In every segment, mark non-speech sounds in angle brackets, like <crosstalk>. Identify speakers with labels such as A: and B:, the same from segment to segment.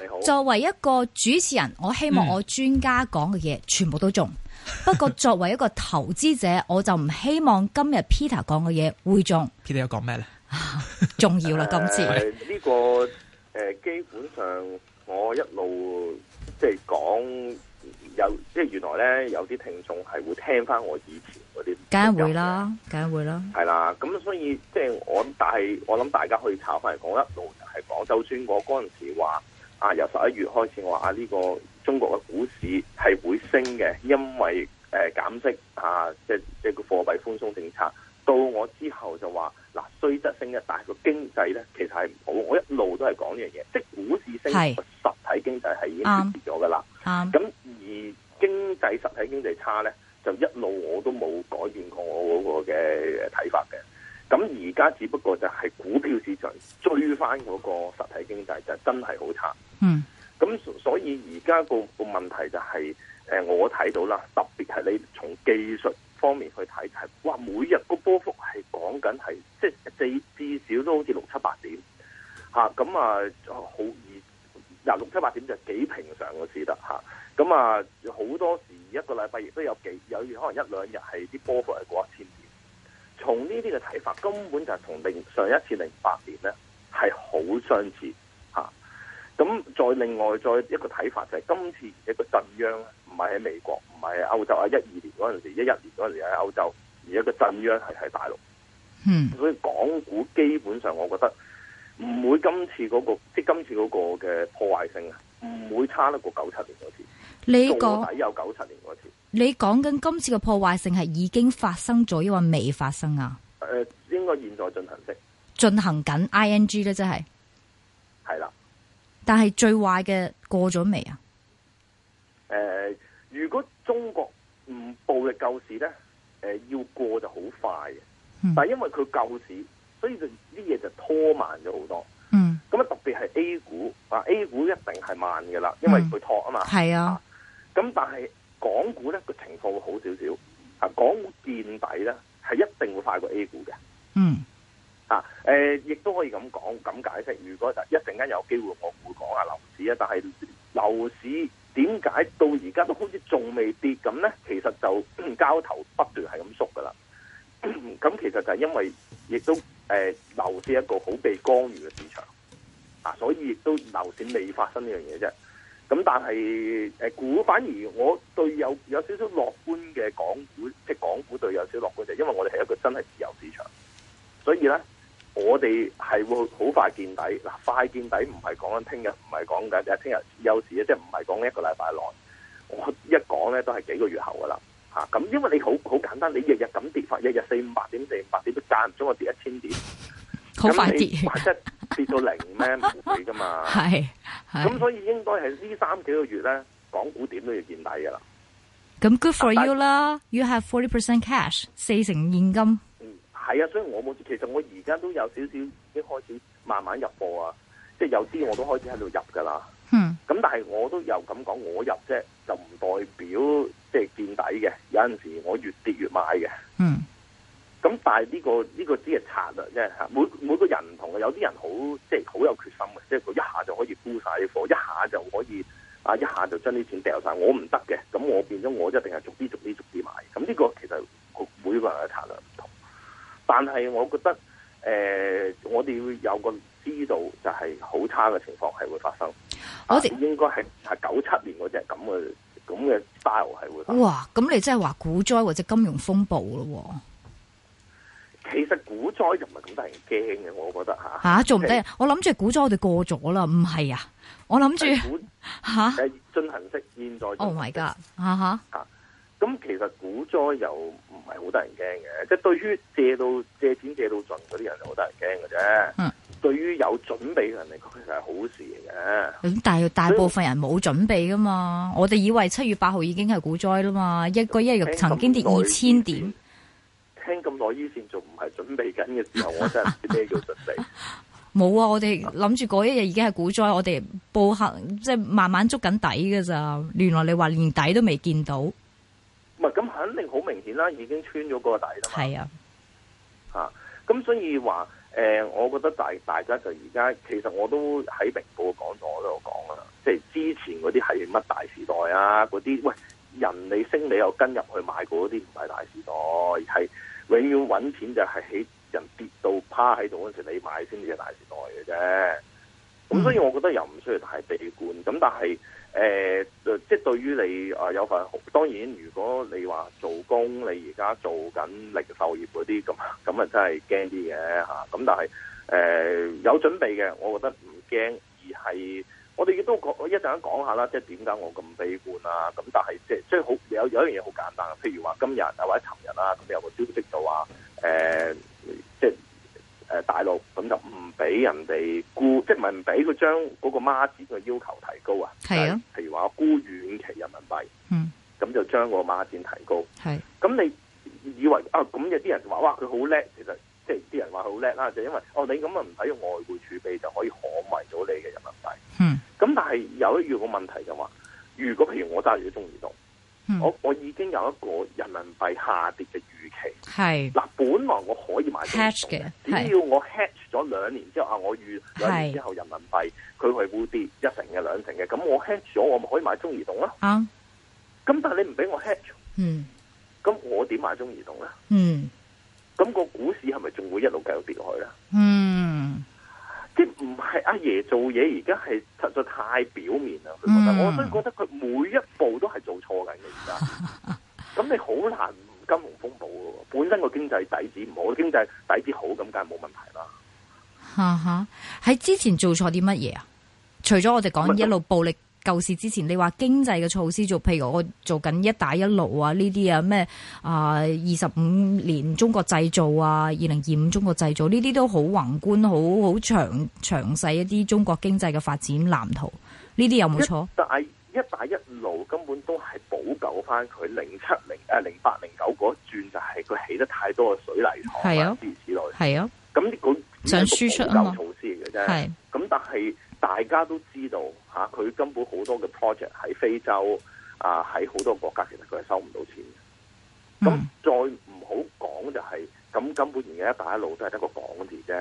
A: 你好，作為一個主持人，我希望我專家講嘅嘢，全部都中。不過作為一個投資者，我就唔希望今日 Peter 講嘅嘢會中。 <laughs> Peter 有講咩咧？ <laughs> 重要啦，今次。誒、呃，呢、
B: 這個誒、呃，基本
C: 上我一路即係講有，即係原來咧有啲聽眾係會聽翻我以前嗰啲，
A: 梗係會啦，梗係會啦。
C: 係啦，咁所以即係我，但係我諗大家可以炒翻嚟講一路就係講，就算我嗰陣時話。啊！由十一月開始話呢、啊呢個中國嘅股市係會升嘅，因為誒減、呃、息啊，即係即係個貨幣寬鬆政策，到我之後就話嗱、啊，雖則升一，但係個經濟咧其實係唔好，我一路都係講呢樣嘢，即股市升。少都好似六七八點嚇，咁啊好易，嗱六七八點就幾平常嘅事得嚇，咁啊好、啊啊、多時一個禮拜亦都有幾有可能一兩日係啲波幅係過一千點，從呢啲嘅睇法，根本就係同零上一次零八年咧，係好相似嚇。咁、啊啊、再另外再一個睇法就係今次一個震央唔係喺美國，唔係喺歐洲啊，一二年嗰陣時，一一年嗰陣時係喺歐洲，而一個震央係喺大陸。嗯，所以港股基本上，我覺得唔會今次嗰個，嗯、即係今次嗰個嘅破壞性啊，
D: 唔
C: 會差得過九七年嗰次。
A: 你講、這個、
C: 有九七年嗰次，
A: 你講緊今次嘅破壞性係已經發生咗，抑或未發生啊？
C: 誒、呃，應該現在進行式
A: 進行緊 ING 咧，真係係啦。是的但係最壞嘅過咗未啊？
C: 誒、呃，如果中國唔暴力救市咧，誒、呃，要過就好快嘅。但係因為佢救市，所以就啲嘢就拖慢咗好多。嗯，咁啊特別係 A 股，啊 A 股一定係慢嘅啦，因為佢拖啊嘛。係、嗯、啊、咁、啊、但係港股咧個情況會好少少，啊港股見底咧係一定會快過 A 股嘅。嗯、啊、誒、亦、呃、都可以咁講咁解釋。如果就一陣間有機會，我會講下樓市啊。但係樓市點解到而家都好似仲未跌咁咧？其實就、嗯、交投不斷係咁縮噶啦。咁其實就係因為亦都誒，樓、呃、市一個好被干預嘅市場啊，所以亦都樓市未發生呢樣嘢啫。咁、啊、但係誒、呃，股反而我對有有少少樂觀嘅港股，即係港股對有少少樂觀就因為我哋係一個真係自由市場，所以咧，我哋係會好快見底。嗱、啊，快見底唔係講緊聽日，唔係講緊，就係聽日有時即係唔係講呢一個禮拜內，我一講咧都係幾個月後噶啦。咁、啊、因為你好好簡單，你日日咁跌法，一日四五百點、四五百點都間唔中我跌一千點，
A: 咁 <laughs> 跌你或
C: 者跌到零咩？唔會噶嘛？係。 <laughs> 咁是、啊、所以應該係呢三幾個月咧，港股點都要見底噶啦。
A: 咁 good for you 啦但！You have forty percent cash，四成現金。嗯，
C: 係啊，所以我冇。其實我而家都有少少已經開始慢慢入貨啊，即係有啲我都開始喺度入噶啦。嗯，咁但係我都有咁講，我入啫，就是，就唔代表即係、就是，見底嘅。有陣時我越跌越買嘅。嗯，咁但係呢、呢個呢、呢個只係策略啫吓，就是，每每個人唔同嘅。有啲人好即係好有決心嘅，即係佢一下就可以沽晒啲貨，一下就可以啊，一下就將啲錢掉晒。我唔得嘅，咁我變咗我一定係逐啲逐啲逐啲買的。咁呢個其實每個人嘅策略唔同。但係我覺得誒、呃，我哋會有個知道就係好差嘅情況係會發生。我哋、啊、應該係係九七年嗰隻咁嘅咁嘅 style 係會哇，
A: 咁你真係話股災或者金融風暴咯、
C: 啊？其實股災就唔係咁得人驚嘅，我覺得吓吓、啊啊、做唔得。
A: <laughs> 我諗住股災我哋過咗啦，唔係啊？我諗住
C: 吓誒，進行式現在。Oh my God！吓吓吓，咁、huh. 啊、其實股災又唔係好得人驚嘅，即、就、係、是、對於借到借錢借到盡嗰啲人就好得人驚嘅啫。嗯。對於有準備嘅人嚟講，其實係好事嚟嘅。咁但係大部分人
A: 冇準備噶嘛，以我哋以為七月八號已經係股災啦嘛，一個一日曾經跌二千點。
C: 聽咁耐，以前仲唔係準備緊嘅時
D: 候，我真係
A: 唔知咩叫準備。冇 <laughs> 啊，我哋諗住嗰一日已經係股災，我哋步行即係慢慢捉緊底噶咋。原來你話連底都未見到。
C: 唔係，咁肯定好明顯啦，已經穿咗個底啦。
A: 係啊，吓、啊，
C: 咁所以話。誒、呃，我覺得大大家就而家，其實我都喺明報講咗我都有講啦，即係之前嗰啲係乜大時代啊，嗰啲喂人你升你又跟入去買過嗰啲唔係大時代，係永遠揾錢就係喺人跌到趴喺度嗰陣時你買先至係大時代嘅啫。咁所以我覺得又唔需要太悲觀。咁但係。誒、呃，即係對於你啊有份，當然如果你話做工，你而家做緊零售業嗰啲咁，咁啊真係驚啲嘅嚇。咁但係誒、呃、有準備嘅，我覺得唔驚，而係我哋亦都講我一陣間講下啦，即係點解我咁悲觀啊？咁但係即係即係好有有一樣嘢好簡單嘅，譬如話今日啊或者尋日啦，咁你有個消息就話誒，即係。誒、呃，大陸咁就唔俾人哋沽，即係唔係唔俾佢將嗰個孖展嘅要求提高啊？係啊，譬如話沽遠期人民幣，嗯，咁就將個孖展提高。係是，咁你以為啊，咁有啲人就話，哇，佢好叻，其實即係啲人話佢好叻啦，就因為哦，你咁啊唔使用外匯儲備就可以捍衛到你嘅人民幣。嗯，咁但係有一樣個問題就話，如果譬如我揸住一中移動。嗯、我我已經有一個人民幣下跌嘅預期，係嗱是，本來我可以買中
D: 移動嘅，
C: 只要我 hedge 咗兩年之後啊，是我預兩年之後人民幣佢係會跌一成嘅、兩成嘅，咁我 hedge 咗，我咪可以買中移動咯。咁、啊、但係你唔俾我 hedge，嗯，咁我點買中移動咧？
A: 嗯，
C: 咁個股市係咪仲會一路繼續跌落去咧？
D: 嗯。
C: 係阿爺做嘢而家係實在太表面啦，我都覺得佢、嗯、每一步都係做錯緊嘅而家。咁 <laughs> 你好難金融風暴喎，本身個經濟底子唔好，經濟底子好咁梗係
A: 冇問題啦。哈、啊、哈，喺之前做錯啲乜嘢啊？除咗我哋講一路暴力。舊事之前，你話經濟嘅措施做，譬如我做緊一帶一路啊，呢啲啊咩啊二十五年中國製造啊，二零二五中國製造呢啲都好宏觀，好好詳詳細一啲中國經濟嘅發展藍圖，呢啲有冇錯？
C: 但係一帶一,一路根本都係補救翻佢零七零啊零八零九嗰一轉，就係佢起得太多嘅水泥廠之類，係啊，咁呢、啊、個、
A: 啊、想係出。措施嚟
C: 嘅啫。咁但係大家都。啊！佢根本好多嘅 project 喺非洲啊，喺好多國家，其實佢係收唔到錢。
D: 咁
C: 再唔好講就係、是，咁，根本而家一帶一路都係得個講字啫，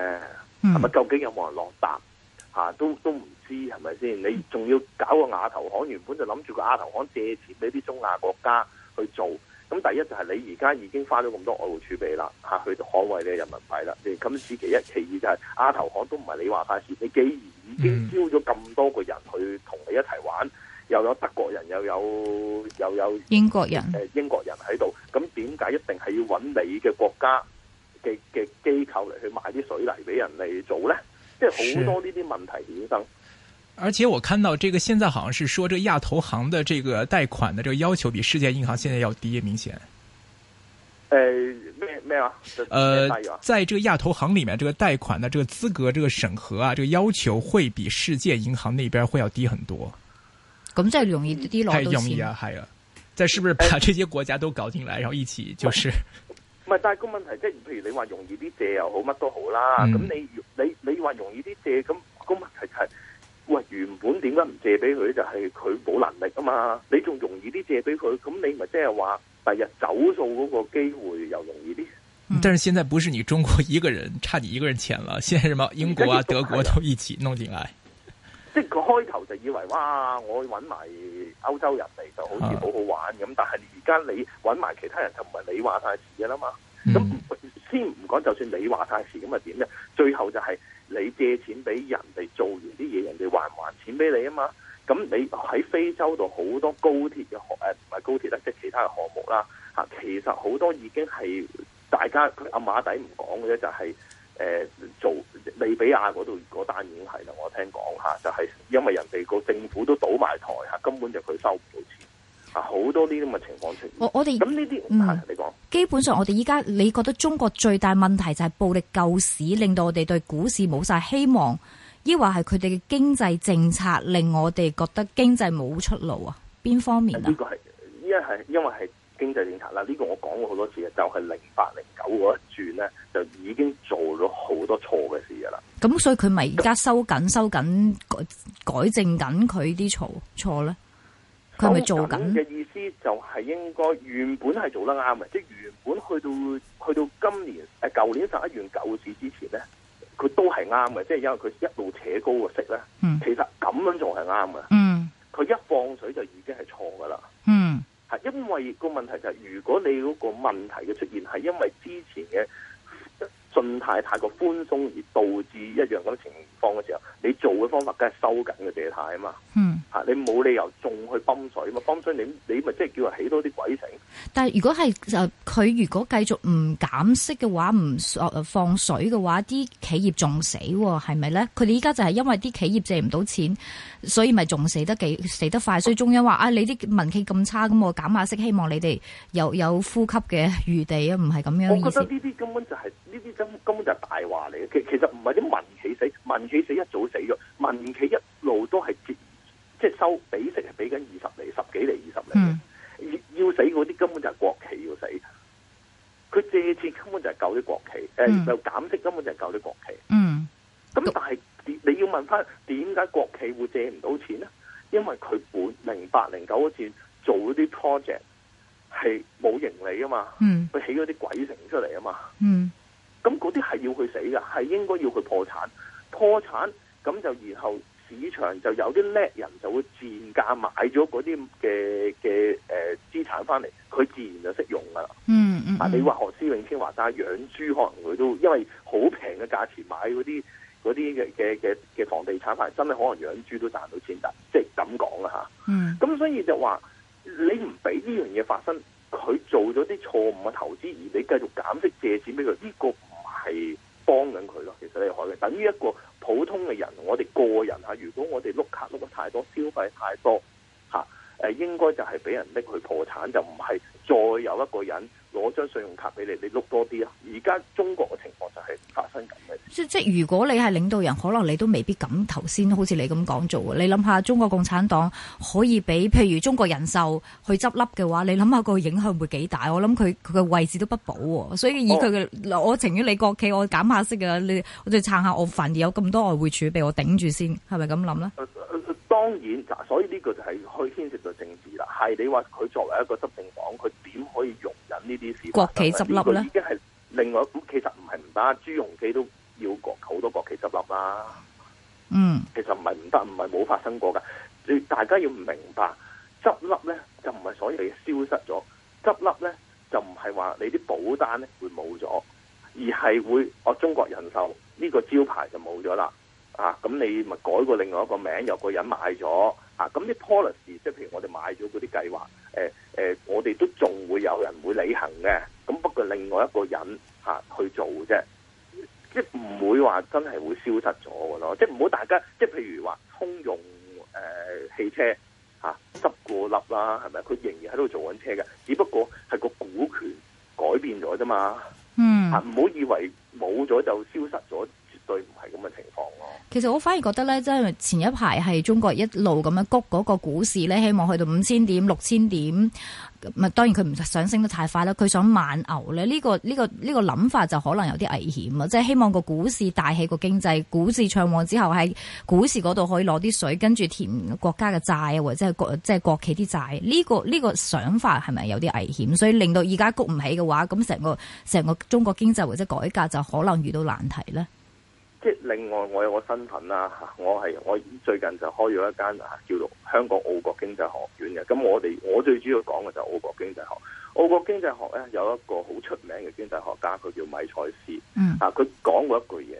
C: 係咪？究竟有冇人落實，嚇、啊，都都唔知係咪先？你仲要搞個亞投行，原本就諗住個亞投行借錢俾啲中亞國家去做。咁第一就係你而家已經花咗咁多外匯儲備啦，吓，去捍衛你的人民幣啦。咁是其一，其二就係亞投行都唔係你話事。你既然
D: 已經招
C: 咗咁多個人去同你一齊玩，又有德國人，又有又有英國人，誒、呃、英國人喺度，咁點解一定係要揾你嘅國家嘅嘅機構嚟去買啲水泥俾人嚟做咧？即係好多呢啲問題衍是生。
B: 而且我看到這個現在好像是說，這個亞投行的這個貸款的這個要求比世界銀行現在要低明顯。呃，沒沒有？呃，在這個亞投行裏面，這個貸款的這個資格、這個審核啊，這個要求會比世界銀行那邊會要低很多。咁真係容易啲攞到錢。太容易啊！係啊，在是不是把這些國家都搞進來，然後一起就是？
C: 唔係，但係個問題即係，譬如你話容易啲借又好，乜都好啦。咁你你你話容易啲借，咁個問題就係。喂，原本點解唔借俾佢就係佢冇能力啊嘛！你仲容易啲借俾佢，咁你咪即係話第日走數嗰個機會又容易啲、嗯。
B: 但是現在不是你中國一個人差你一個人錢了，現在是什麼英國啊、德國都一起弄進來
C: 的即係佢開頭就以為哇，我揾埋歐洲人嚟就好似好好玩咁，啊、但係而家你揾埋其他人就唔係你話太遲嘅啦嘛。咁、嗯、先唔講，就算你話太遲咁啊點咧？最後就係、是。你借錢俾人哋做完啲嘢，人哋還唔還錢俾你啊嘛。咁你喺非洲度好多高鐵嘅項誒，唔、啊、係高鐵啦、啊，即係其他嘅項目啦嚇、啊。其實好多已經係大家暗、啊、馬底唔講嘅啫，就係、是、誒、啊、做利比亞嗰度嗰單已經係啦。我聽講嚇、啊，就係、是、因為人哋個政府都倒埋台嚇、啊，根本就佢收唔到錢。好多呢啲咁嘅
A: 情況出現，我我哋咁呢啲嗯，你講基本上我哋依家你覺得中國最大問題就係暴力救市，令到我哋對股市冇晒希望，抑或係佢哋嘅經濟政策令我哋覺得經濟冇出路啊？邊方面啊？呢個係，
C: 依家係因為係經濟政策啦。呢個我講過好多次就係零八零九嗰一轉呢，就已經做咗好多錯嘅事啦。
A: 咁所以佢咪而家收緊收緊改改正緊佢啲錯錯咧？佢咪做緊嘅
C: 意思就是是，就係應該原本係做得啱嘅，即係原本去到去到今年誒，舊年十一月九事之前咧，佢都係啱嘅，即、就、係、是、因為佢一路扯高個息咧。嗯、其實咁樣仲係啱嘅。嗯，佢一放水就已經係錯噶啦。嗯，係因為問個問題就係，如果你嗰個問題嘅出現係因為之前嘅。信貸太過寬鬆而導致一樣咁情況嘅時候，你做嘅方法梗係收緊嘅借貸啊嘛。嗯。嚇、啊，你冇理由仲去泵水嘛？泵水你你咪即係叫佢起多啲鬼城。
A: 但係如果係就佢如果繼續唔減息嘅話，唔、呃、放水嘅話，啲企業仲死喎、哦，係咪咧？佢哋依家就係因為啲企業借唔到錢，所以咪仲死得幾死得快。所以中央話啊、哎，你啲民企咁差，咁我減下息，希望你哋有有呼吸嘅餘地啊，唔係咁樣意思。我覺得
C: 呢啲根本就係、是。呢啲根根本就係大話嚟嘅，其其實唔係啲民企死，民企死一早死咗，民企一路都係借，即、就、係、是、收俾息係俾緊二十厘、十幾厘、二十厘，而、嗯、要死嗰啲根本就係國企要死，佢借錢根本就係救啲國企，誒、嗯，就減、呃、息根本就係救啲國企。
D: 嗯，
C: 咁、嗯、但係你要問翻點解國企會借唔到錢呢？因為佢本零八零九嗰次做嗰啲 project 係冇盈利啊嘛，佢起咗啲鬼城出嚟啊嘛，嗯。啲係要佢死嘅，係應該要佢破產。破產咁就然後市場就有啲叻人就會賤價買咗嗰啲嘅嘅誒資產翻嚟，佢自然就識用㗎啦、嗯。嗯嗯、啊，你話何思永、點話齋養豬，可能佢都因為好平嘅價錢買嗰啲啲嘅嘅嘅嘅房地產，反而真係可能養豬都賺到錢，但即係咁講啦吓。就是啊、嗯，咁所以就話你唔俾呢樣嘢發生，佢做咗啲錯誤嘅投資，而你繼續減息借錢俾佢，呢、這個。係幫緊佢咯，其實你可以等於一個普通嘅人，我哋個人吓，如果我哋碌卡碌得太多，消費太多，吓、啊。誒應該就係俾人拎去破產，就唔係再有一個人攞張信用卡俾你，你碌多啲啊！而家中國嘅情況就
A: 係發生緊嘅。即即如果你係領導人，可能你都未必敢頭先，好似你咁講做。你諗下，中國共產黨可以俾譬如中國人壽去執笠嘅話，你諗下個影響會幾大？我諗佢佢嘅位置都不保喎。所以以佢嘅，哦、我情願你國企，我減下息㗎喇！你我就撐下，我反而有咁多外匯儲備，我頂住先，係咪咁諗咧？
C: 當然，所以呢個就係去牽涉到政治啦。係你話佢作為一個執政黨，佢點可以容忍呢啲事？國企執笠咧？已經係另外，一其實唔係唔得，朱鎔基都要國好多國企執笠啦。嗯，其實唔係唔得，唔係冇發生過噶。你大家要明白，執笠咧就唔係所以係消失咗，執笠咧就唔係話你啲保單咧會冇咗，
D: 而係會
C: 我中國人壽呢個招牌就冇咗啦。啊，咁你咪改過另外一個名，有個人買咗，啊，咁啲 policy 即係譬如我哋買咗嗰啲計劃，誒、呃、誒、呃，我哋都仲會有人會履行嘅，咁不過另外一個人吓、啊、去做啫，
D: 即係唔會
C: 話真係會消失咗嘅咯，即係唔好大家即係譬如話通用誒汽車吓執、啊、過笠啦、啊，係咪？佢仍然喺度做緊車嘅，只不過係個股權改變咗啫嘛，啊、嗯，吓唔好以為冇咗就消失
D: 咗。
A: 對，唔係咁嘅情況咯。其實我反而覺得咧，即係前一排係中國一路咁樣谷嗰個股市咧，希望去到五千點、六千點。咪當然佢唔上升得太快啦，佢想慢牛咧。呢個呢個呢個諗法就可能有啲危險啊！即係希望個股市帶起個經濟，股市暢旺之後喺股市嗰度可以攞啲水，跟住填國家嘅債或者係國即係國企啲債。呢個呢個想法係咪有啲危險？所以令到而家谷唔起嘅話，咁成個成個中國經濟或者改革就可能遇到難題咧。
C: 即係另外，我有個身份啦、啊，我係我最近就開咗一間、啊、叫做香港澳國經濟學院嘅。咁我哋我最主要講嘅就係澳國經濟學。澳國經濟學咧有一個好出名嘅經濟學家，佢叫米塞斯。啊，佢講過一句嘢：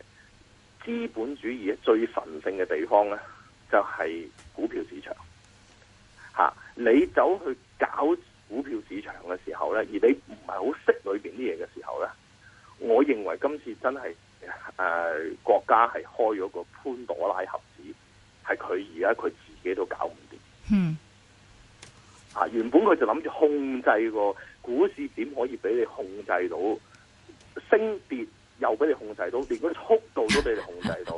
C: 資本主義最神聖嘅地方咧，就係、是、股票市場。吓、啊，你走去搞股票市場嘅時候咧，而你唔係好識裏邊啲嘢嘅時候咧，我認為今次真係。誒、呃，國家係開咗個潘朵拉盒子，係佢而家佢自己都搞唔掂。
D: 嗯，
C: 啊，原本佢就諗住控制個股市，點可以俾你控制到升跌，又俾你控制到，連個速度都俾你控制到。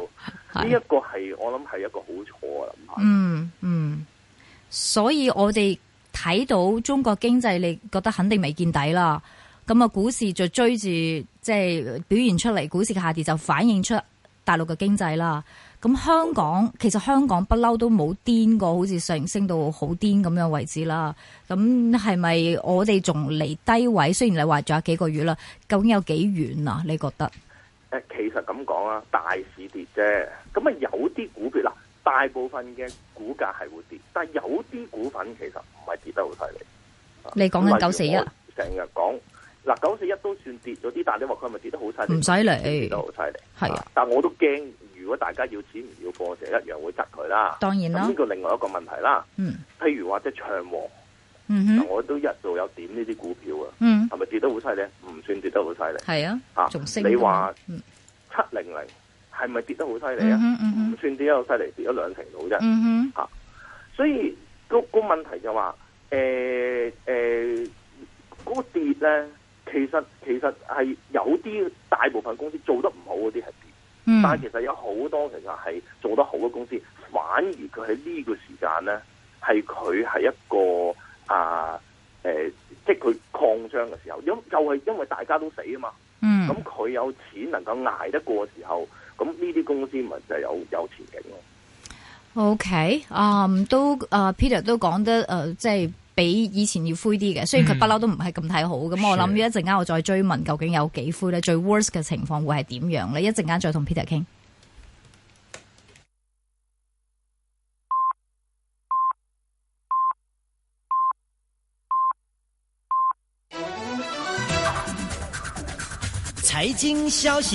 A: 呢一
C: <laughs> 個係我諗係一個好錯啊，我諗
D: 下，
A: 嗯嗯，所以我哋睇到中國經濟，你覺得肯定未見底啦。咁啊，股市就追住即係表現出嚟，股市嘅下跌就反映出大陸嘅經濟啦。咁香港其實香港不嬲都冇癲過，好似上升到好癲咁嘅位置啦。咁係咪我哋仲離低位？雖然你話咗幾個月啦，究竟有幾遠啊？你覺得？
C: 誒，其實咁講啊，大市跌啫。咁啊，有啲股票啦，大部分嘅股價係會跌，但係有啲股份其實唔係跌得好犀利。你講緊九四一？成日講。嗱，九四一都算跌咗啲，但你話佢係咪跌得好犀利？唔使理，跌
D: 得好犀利。係啊，
C: 但係我都驚，如果大家要錢唔要貨，就一樣會執佢啦。當然啦。呢個另外一個問題啦。
D: 嗯。
C: 譬如話即係長和，
D: 我
C: 都一度有點呢啲股票啊。嗯。係咪跌得好犀利？唔算跌得好犀利。係啊。吓，仲升。你話七零零係咪跌得好犀利啊？唔算跌得好犀利，跌咗兩成度啫。吓，所以個個問題就話，誒誒，嗰個跌咧。其實其實係有啲大部分公司做得唔好嗰啲係跌，嗯、但係其實有好多其實係做得好嘅公司，反而佢喺呢個時間咧，係佢係一個啊誒、啊，即係佢擴張嘅時候，因就係、是、因為大家都死啊嘛，嗯，咁佢有錢能夠捱得過嘅時候，咁呢啲公司咪就係有有前景咯。
A: OK，啊、um,，都、uh, 啊 Peter 都講得誒，即係。比以前要灰啲嘅，雖然佢不嬲都唔係咁睇好。咁、嗯、我諗一陣間我再追問究竟有幾灰咧？的最 worst 嘅情況會係點樣咧？一陣間再同 Peter 傾。
D: 財經消息。